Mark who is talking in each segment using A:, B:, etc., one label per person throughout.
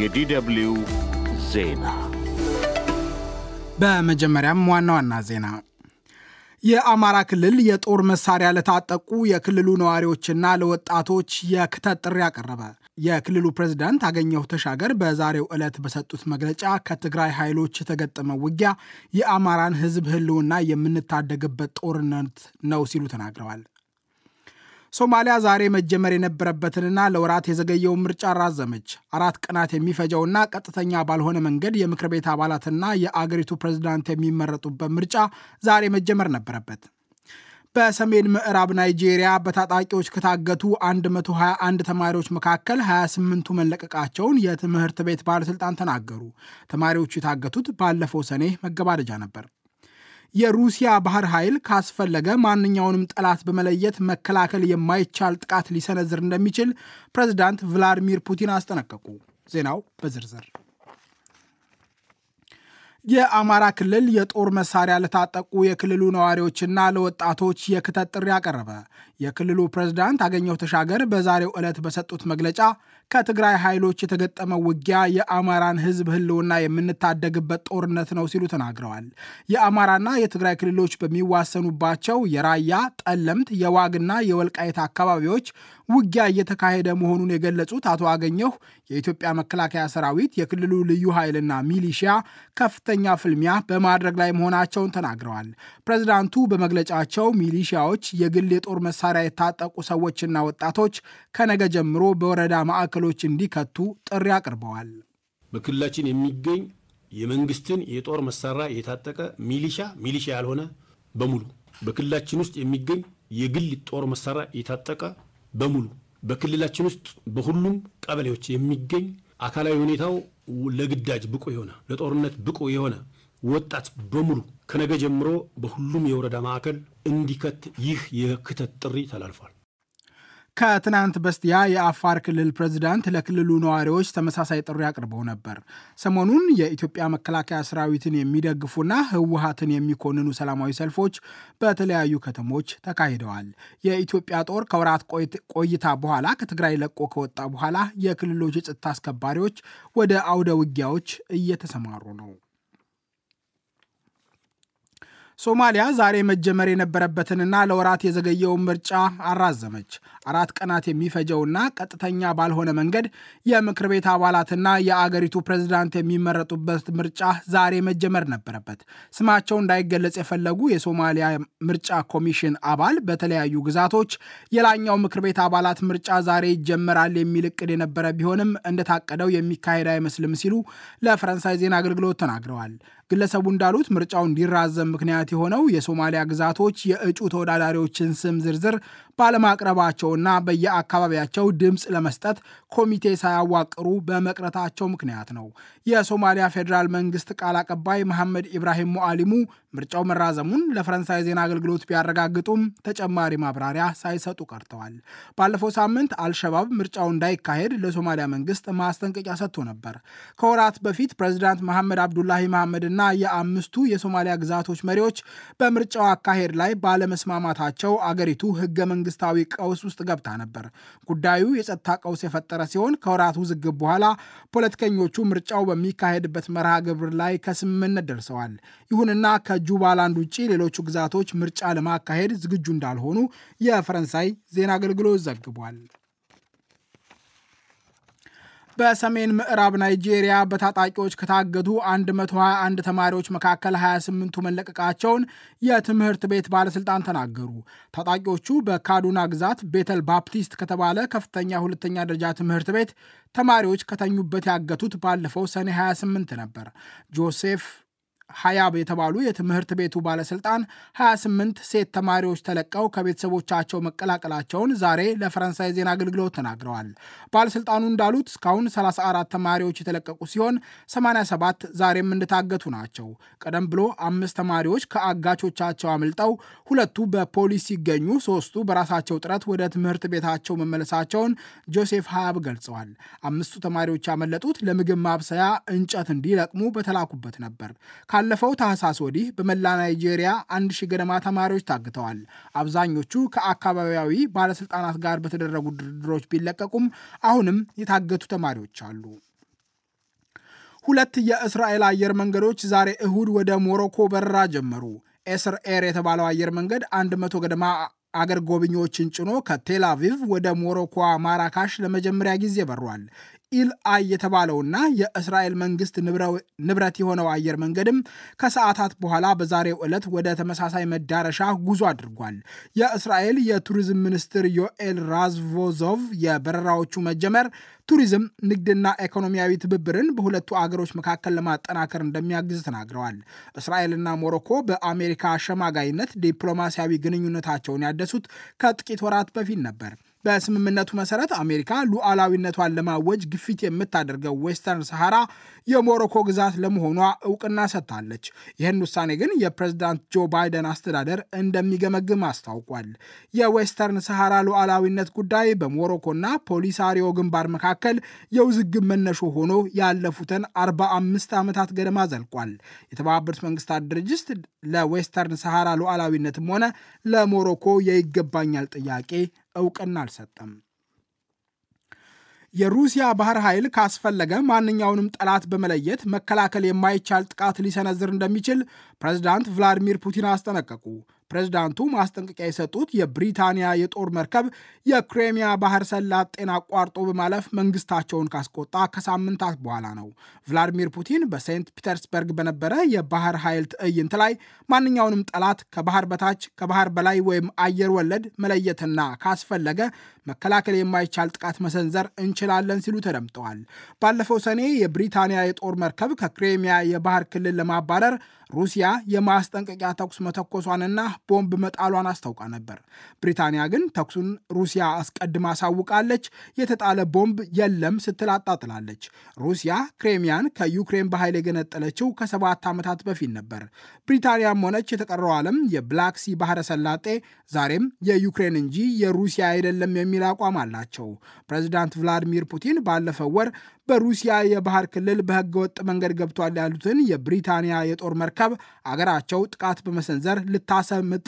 A: የዲደብሊው ዜና በመጀመሪያም ዋና ዋና ዜና የአማራ ክልል የጦር መሳሪያ ለታጠቁ የክልሉ ነዋሪዎችና ለወጣቶች የክተት ጥሪ አቀረበ። የክልሉ ፕሬዝዳንት አገኘሁ ተሻገር በዛሬው ዕለት በሰጡት መግለጫ ከትግራይ ኃይሎች የተገጠመው ውጊያ የአማራን ሕዝብ ህልውና የምንታደግበት ጦርነት ነው ሲሉ ተናግረዋል። ሶማሊያ ዛሬ መጀመር የነበረበትንና ለወራት የዘገየውን ምርጫ አራዘመች። አራት ቀናት የሚፈጀውና ቀጥተኛ ባልሆነ መንገድ የምክር ቤት አባላትና የአገሪቱ ፕሬዝዳንት የሚመረጡበት ምርጫ ዛሬ መጀመር ነበረበት። በሰሜን ምዕራብ ናይጄሪያ በታጣቂዎች ከታገቱ 121 ተማሪዎች መካከል 28ቱ መለቀቃቸውን የትምህርት ቤት ባለስልጣን ተናገሩ። ተማሪዎቹ የታገቱት ባለፈው ሰኔ መገባደጃ ነበር። የሩሲያ ባህር ኃይል ካስፈለገ ማንኛውንም ጠላት በመለየት መከላከል የማይቻል ጥቃት ሊሰነዝር እንደሚችል ፕሬዚዳንት ቭላዲሚር ፑቲን አስጠነቀቁ። ዜናው በዝርዝር የአማራ ክልል የጦር መሳሪያ ለታጠቁ የክልሉ ነዋሪዎችና ለወጣቶች የክተት ጥሪ አቀረበ። የክልሉ ፕሬዝዳንት አገኘሁ ተሻገር በዛሬው ዕለት በሰጡት መግለጫ ከትግራይ ኃይሎች የተገጠመው ውጊያ የአማራን ሕዝብ ህልውና የምንታደግበት ጦርነት ነው ሲሉ ተናግረዋል። የአማራና የትግራይ ክልሎች በሚዋሰኑባቸው የራያ፣ ጠለምት፣ የዋግና የወልቃይት አካባቢዎች ውጊያ እየተካሄደ መሆኑን የገለጹት አቶ አገኘሁ የኢትዮጵያ መከላከያ ሰራዊት፣ የክልሉ ልዩ ኃይልና ሚሊሺያ ከፍተኛ ፍልሚያ በማድረግ ላይ መሆናቸውን ተናግረዋል። ፕሬዝዳንቱ በመግለጫቸው ሚሊሺያዎች፣ የግል የጦር መሳሪያ የታጠቁ ሰዎችና ወጣቶች ከነገ ጀምሮ በወረዳ ማዕከሎች እንዲከቱ ጥሪ አቅርበዋል። በክልላችን የሚገኝ የመንግስትን የጦር መሳሪያ የታጠቀ ሚሊሻ ሚሊሻ ያልሆነ በሙሉ በክልላችን ውስጥ የሚገኝ የግል ጦር መሳሪያ የታጠቀ በሙሉ በክልላችን ውስጥ በሁሉም ቀበሌዎች የሚገኝ አካላዊ ሁኔታው ለግዳጅ ብቁ የሆነ ለጦርነት ብቁ የሆነ ወጣት በሙሉ ከነገ ጀምሮ በሁሉም የወረዳ ማዕከል እንዲከት ይህ የክተት ጥሪ ተላልፏል። ከትናንት በስቲያ የአፋር ክልል ፕሬዚዳንት ለክልሉ ነዋሪዎች ተመሳሳይ ጥሪ አቅርበው ነበር። ሰሞኑን የኢትዮጵያ መከላከያ ሰራዊትን የሚደግፉና ህወሀትን የሚኮንኑ ሰላማዊ ሰልፎች በተለያዩ ከተሞች ተካሂደዋል። የኢትዮጵያ ጦር ከወራት ቆይታ በኋላ ከትግራይ ለቆ ከወጣ በኋላ የክልሎች የጸጥታ አስከባሪዎች ወደ አውደ ውጊያዎች እየተሰማሩ ነው። ሶማሊያ ዛሬ መጀመር የነበረበትንና ለወራት የዘገየውን ምርጫ አራዘመች። አራት ቀናት የሚፈጀውና ቀጥተኛ ባልሆነ መንገድ የምክር ቤት አባላትና የአገሪቱ ፕሬዝዳንት የሚመረጡበት ምርጫ ዛሬ መጀመር ነበረበት። ስማቸው እንዳይገለጽ የፈለጉ የሶማሊያ ምርጫ ኮሚሽን አባል በተለያዩ ግዛቶች የላኛው ምክር ቤት አባላት ምርጫ ዛሬ ይጀመራል የሚል እቅድ የነበረ ቢሆንም እንደታቀደው የሚካሄድ አይመስልም ሲሉ ለፈረንሳይ ዜና አገልግሎት ተናግረዋል። ግለሰቡ እንዳሉት ምርጫው እንዲራዘም ምክንያት የሆነው የሶማሊያ ግዛቶች የእጩ ተወዳዳሪዎችን ስም ዝርዝር ባለማቅረባቸውና በየአካባቢያቸው ድምፅ ለመስጠት ኮሚቴ ሳያዋቅሩ በመቅረታቸው ምክንያት ነው። የሶማሊያ ፌዴራል መንግስት ቃል አቀባይ መሐመድ ኢብራሂም ሙአሊሙ ምርጫው መራዘሙን ለፈረንሳይ ዜና አገልግሎት ቢያረጋግጡም ተጨማሪ ማብራሪያ ሳይሰጡ ቀርተዋል። ባለፈው ሳምንት አልሸባብ ምርጫው እንዳይካሄድ ለሶማሊያ መንግስት ማስጠንቀቂያ ሰጥቶ ነበር። ከወራት በፊት ፕሬዚዳንት መሐመድ አብዱላሂ መሐመድና የሶስቱና የአምስቱ የሶማሊያ ግዛቶች መሪዎች በምርጫው አካሄድ ላይ ባለመስማማታቸው አገሪቱ ህገ መንግስታዊ ቀውስ ውስጥ ገብታ ነበር። ጉዳዩ የጸጥታ ቀውስ የፈጠረ ሲሆን ከወራት ውዝግብ በኋላ ፖለቲከኞቹ ምርጫው በሚካሄድበት መርሃ ግብር ላይ ከስምምነት ደርሰዋል። ይሁንና ከጁባላንድ ውጭ ሌሎቹ ግዛቶች ምርጫ ለማካሄድ ዝግጁ እንዳልሆኑ የፈረንሳይ ዜና አገልግሎት ዘግቧል። በሰሜን ምዕራብ ናይጄሪያ በታጣቂዎች ከታገዱ 121 ተማሪዎች መካከል 28ቱ መለቀቃቸውን የትምህርት ቤት ባለስልጣን ተናገሩ። ታጣቂዎቹ በካዱና ግዛት ቤተል ባፕቲስት ከተባለ ከፍተኛ ሁለተኛ ደረጃ ትምህርት ቤት ተማሪዎች ከተኙበት ያገቱት ባለፈው ሰኔ 28 ነበር። ጆሴፍ ሀያብ የተባሉ የትምህርት ቤቱ ባለስልጣን 28 ሴት ተማሪዎች ተለቀው ከቤተሰቦቻቸው መቀላቀላቸውን ዛሬ ለፈረንሳይ ዜና አገልግሎት ተናግረዋል። ባለስልጣኑ እንዳሉት እስካሁን 34 ተማሪዎች የተለቀቁ ሲሆን 87 ዛሬም እንደታገቱ ናቸው። ቀደም ብሎ አምስት ተማሪዎች ከአጋቾቻቸው አምልጠው ሁለቱ በፖሊስ ሲገኙ ሶስቱ በራሳቸው ጥረት ወደ ትምህርት ቤታቸው መመለሳቸውን ጆሴፍ ሀያብ ገልጸዋል። አምስቱ ተማሪዎች ያመለጡት ለምግብ ማብሰያ እንጨት እንዲለቅሙ በተላኩበት ነበር። ካለፈው ታህሳስ ወዲህ በመላ ናይጄሪያ አንድ ሺህ ገደማ ተማሪዎች ታግተዋል። አብዛኞቹ ከአካባቢያዊ ባለስልጣናት ጋር በተደረጉ ድርድሮች ቢለቀቁም አሁንም የታገቱ ተማሪዎች አሉ። ሁለት የእስራኤል አየር መንገዶች ዛሬ እሁድ ወደ ሞሮኮ በረራ ጀመሩ። ኤስር ኤር የተባለው አየር መንገድ አንድ መቶ ገደማ አገር ጎብኚዎችን ጭኖ ከቴል አቪቭ ወደ ሞሮኮዋ ማራካሽ ለመጀመሪያ ጊዜ በሯል። ኢልአይ የተባለውና የእስራኤል መንግስት ንብረት የሆነው አየር መንገድም ከሰዓታት በኋላ በዛሬው ዕለት ወደ ተመሳሳይ መዳረሻ ጉዞ አድርጓል። የእስራኤል የቱሪዝም ሚኒስትር ዮኤል ራዝቮዞቭ የበረራዎቹ መጀመር ቱሪዝም፣ ንግድና ኢኮኖሚያዊ ትብብርን በሁለቱ አገሮች መካከል ለማጠናከር እንደሚያግዝ ተናግረዋል። እስራኤልና ሞሮኮ በአሜሪካ አሸማጋይነት ዲፕሎማሲያዊ ግንኙነታቸውን ያደሱት ከጥቂት ወራት በፊት ነበር። በስምምነቱ መሰረት አሜሪካ ሉዓላዊነቷን ለማወጅ ግፊት የምታደርገው ዌስተርን ሰሃራ የሞሮኮ ግዛት ለመሆኗ እውቅና ሰጥታለች። ይህን ውሳኔ ግን የፕሬዝዳንት ጆ ባይደን አስተዳደር እንደሚገመግም አስታውቋል። የዌስተርን ሰሃራ ሉዓላዊነት ጉዳይ በሞሮኮና ፖሊሳሪዮ ግንባር መካከል የውዝግብ መነሾ ሆኖ ያለፉትን 45 ዓመታት ገደማ ዘልቋል። የተባበሩት መንግስታት ድርጅት ለዌስተርን ሰሃራ ሉዓላዊነትም ሆነ ለሞሮኮ የይገባኛል ጥያቄ እውቅና አልሰጠም። የሩሲያ ባህር ኃይል ካስፈለገ ማንኛውንም ጠላት በመለየት መከላከል የማይቻል ጥቃት ሊሰነዝር እንደሚችል ፕሬዝዳንት ቭላዲሚር ፑቲን አስጠነቀቁ። ፕሬዝዳንቱ ማስጠንቀቂያ የሰጡት የብሪታንያ የጦር መርከብ የክሬሚያ ባህር ሰላጤን አቋርጦ በማለፍ መንግስታቸውን ካስቆጣ ከሳምንታት በኋላ ነው። ቭላዲሚር ፑቲን በሴንት ፒተርስበርግ በነበረ የባህር ኃይል ትዕይንት ላይ ማንኛውንም ጠላት ከባህር በታች፣ ከባህር በላይ ወይም አየር ወለድ መለየትና ካስፈለገ መከላከል የማይቻል ጥቃት መሰንዘር እንችላለን ሲሉ ተደምጠዋል። ባለፈው ሰኔ የብሪታንያ የጦር መርከብ ከክሬሚያ የባህር ክልል ለማባረር ሩሲያ የማስጠንቀቂያ ተኩስ መተኮሷንና ቦምብ መጣሏን አስታውቃ ነበር። ብሪታንያ ግን ተኩሱን ሩሲያ አስቀድማ አሳውቃለች፣ የተጣለ ቦምብ የለም ስትል አጣጥላለች። ሩሲያ ክሬሚያን ከዩክሬን በኃይል የገነጠለችው ከሰባት ዓመታት በፊት ነበር። ብሪታንያም ሆነች የተቀረው ዓለም የብላክሲ ባህረ ሰላጤ ዛሬም የዩክሬን እንጂ የሩሲያ አይደለም የሚ የሚል አቋም አላቸው። ፕሬዚዳንት ቭላዲሚር ፑቲን ባለፈው ወር በሩሲያ የባህር ክልል በህገ ወጥ መንገድ ገብቷል ያሉትን የብሪታንያ የጦር መርከብ አገራቸው ጥቃት በመሰንዘር ልታሰምጥ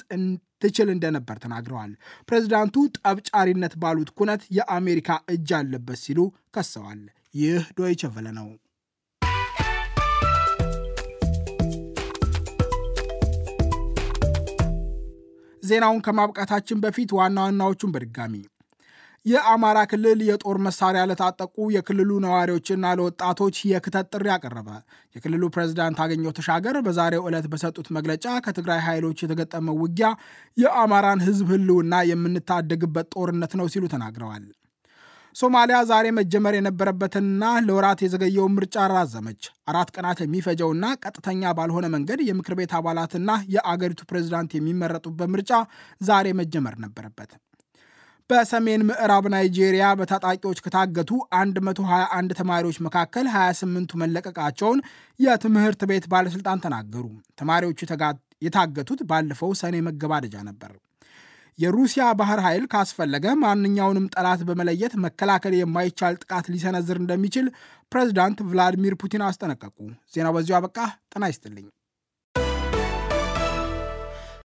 A: ትችል እንደነበር ተናግረዋል። ፕሬዚዳንቱ ጠብጫሪነት ባሉት ኩነት የአሜሪካ እጅ አለበት ሲሉ ከሰዋል። ይህ ዶይቸ ቨለ ነው። ዜናውን ከማብቃታችን በፊት ዋና ዋናዎቹን በድጋሚ የአማራ ክልል የጦር መሳሪያ ለታጠቁ የክልሉ ነዋሪዎችና ለወጣቶች የክተት ጥሪ አቀረበ። የክልሉ ፕሬዝዳንት አገኘሁ ተሻገር በዛሬው ዕለት በሰጡት መግለጫ ከትግራይ ኃይሎች የተገጠመው ውጊያ የአማራን ሕዝብ ህልውና የምንታደግበት ጦርነት ነው ሲሉ ተናግረዋል። ሶማሊያ ዛሬ መጀመር የነበረበትንና ለወራት የዘገየውን ምርጫ ራዘመች። አራት ቀናት የሚፈጀውና ቀጥተኛ ባልሆነ መንገድ የምክር ቤት አባላትና የአገሪቱ ፕሬዝዳንት የሚመረጡበት ምርጫ ዛሬ መጀመር ነበረበት። በሰሜን ምዕራብ ናይጄሪያ በታጣቂዎች ከታገቱ 121 ተማሪዎች መካከል 28ቱ መለቀቃቸውን የትምህርት ቤት ባለሥልጣን ተናገሩ። ተማሪዎቹ የታገቱት ባለፈው ሰኔ መገባደጃ ነበር። የሩሲያ ባህር ኃይል ካስፈለገ ማንኛውንም ጠላት በመለየት መከላከል የማይቻል ጥቃት ሊሰነዝር እንደሚችል ፕሬዚዳንት ቭላዲሚር ፑቲን አስጠነቀቁ። ዜናው በዚሁ አበቃ። ጤና ይስጥልኝ።